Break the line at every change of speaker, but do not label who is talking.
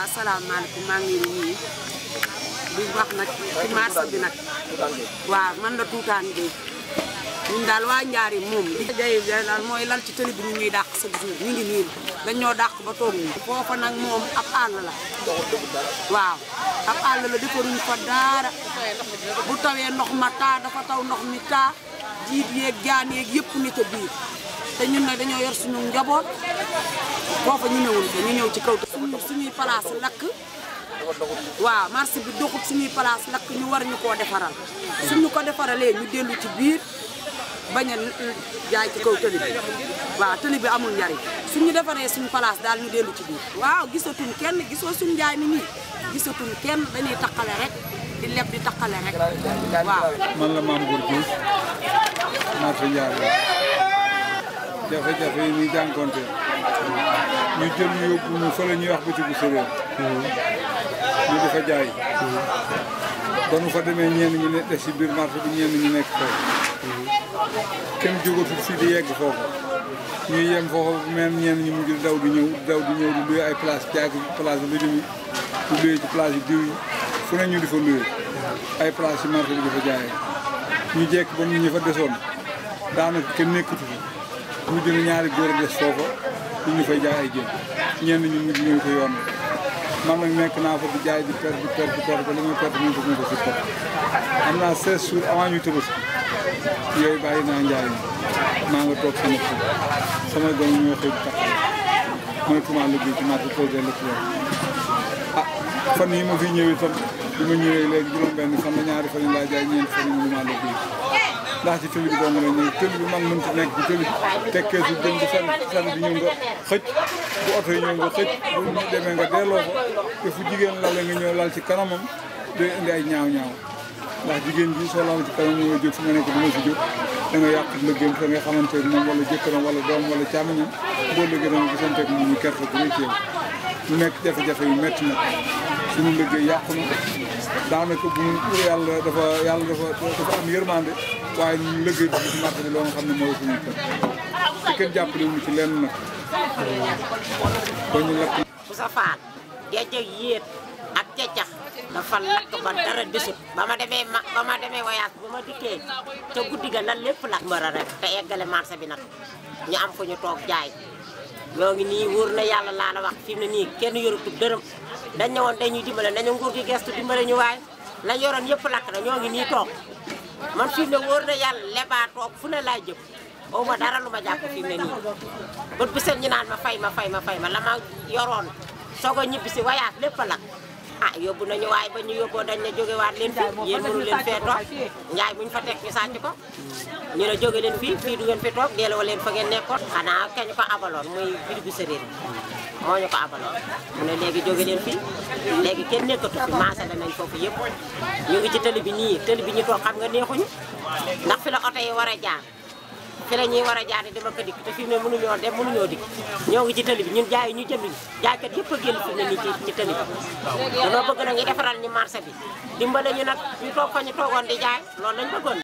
waaw asalaamaaleykum maa ngi leen nuyu di wax nag ci marché bi nag waaw man la tuutaan Gueye ñun daal waa Njaari moom li jaye mooy lal ci tëli bi ñu dàq sa jour ngi nii dañ dàq ba toog ñu nag moom ab àll la àll la defaruñ tawee ndox ma dafa taw ndox mi taa jiit yeeg jaan yeeg yëpp ni biir te nag dañoo yor suñu njaboot foofa ñu ñëwul ko ñu ñëw ci kaw doxul suñuy place lakk waaw marché bi doxul suñuy place lakk ñu war ñu koo defaral suñu ko defaralee ñu dellu ci biir bañ ci kaw bi waaw tëli bi defaree suñu place daal ñu dellu ci biir waaw gisatuñ kenn gisoo suñu njaay mi nii gisatuñ kenn dañuy taqale rek di leb di taqale rek waaw
man la Mame Goor Diouf marché Ndiarème jafe-jafe ñu jël ñu yóbbu ñu fa la ñuy wax bëccëgu séeréer. ñu di fa jaay. ba nu fa demee ñenn ñu ne def si biir marché bi ñenn ñu nekk foofu. kenn jógatul fii di yegg foofu. ñuy yem foofu même ñenn ñu mujj daw di ñëw daw di ñëw di luye ay place jaag place lu jëm di luye ci place yu diw yi fu ne ñu di fa luye. ay place ci marché bi di fa ñu jekk ba ñu fa desoon daanaka kenn nekkatu fa. mujj na ñaari góor a des foofa. ñu ngi fay jaay ay jën ñenn ñi ñu ngi ko yoon man nag nekk naa fa di jaay di perte bi perte di perte ba li may perte ñu ngi ko suuf am naa 16 jours avant ñuy Tabaski yooyu bàyyi naa njaay maa nga toog sama kër sama doom ñoo xëy bi taxaw mooy tuuma liggéey ci marché ah, projet la fan yi ma fi ñëwee tam bi ma ñëwee léegi juróom benn fan la ñaari fan laa jaay ñeent fan yi ma liggéey ndax ci tëli bi ma la ñuy tëli mag mënut nekk bu tëli tekkee su jëm di sal sal di ñëw nga xëj bu oto yi ñëw nga xëj bu ñu demee nga delloo ko te fu jigéen lal la nga ñëw lal ci kanamam day indi ay ñaaw-ñaaw ndax jigéen ji soo lal ci kanam ñoo jóg fi nga nekk dina si jóg da nga yàq lëggéem fa nga xamante ne moom wala jëkkëram wala doom wala càmmiñam boo lëggee danga gisanteeg moom ñu kerte bu rëy ci yow mu nekk jafe-jafe yu métti na suñu liggéey yàqu na daanaka bu yàlla dafa yàlla dafa dafa am yërmande waaye ñun liggéey bi ci marché bi loo nga xam ne mooy suñu kër te kenn jàppale wuñu ci lenn nag
ba ñu lakk Moussa Fall jajëg yéet ak cacax dafa lakk ba dara desut ba ma demee ba ma demee voyage ba ma dikkee ca guddi ga la lépp lakk mara rek te eggale marché bi nag ñu am fu ñu toog jaay ñoo ngi nii wóor na yàlla laa la wax fi mu nii kenn yorutu dërëm dañ ñëwoon dañuy dimbale nañu nguur gi gestu dimbale ñu waay lañ yoroon yëpp lakk na ñoo ngi nii toog man fii ne wóor na yàlla lebaa toog fu ne laay jëm aw dara lu ma jàpp fii ne bët bi seen ñu naan ma fay ma fay ma fay ma la yoroon soog a ñibbi si wayaat lépp a lakk a ah, yóbbu nañu waaye ba ñu yóbboo dañ ne waat leen fii yéen mënu leen fee toog njaay buñ fa teg ñu sàcc ko ñu ne jóge leen fii fii du ngeen fi toog wa leen fa ngeen nekkoon xanaa kañ ko abaloon muy birigu séréer moo ñu ko abaloon mu ne léegi jóge leen fii léegi kenn nekkatu fi maasale nañ foofu yëpp ñu ngi ci tëli bi nii tëli bi ñu toog xam nga neexuñu ndax fi la oto yi war a jaar fi la war a jaaree dama ko dikk te fi mu ne mënuñoo dem mënuñoo dikk ñoo ngi ci tali bi ñun jaay ñu jënd jaaykat yëpp a génn fi mu ci ci tali bi danoo bëgg na ngi defaral ñu marché bi dimbale ñu nag ñu toog fa ñu toogoon di jaay loolu lañ bëggoon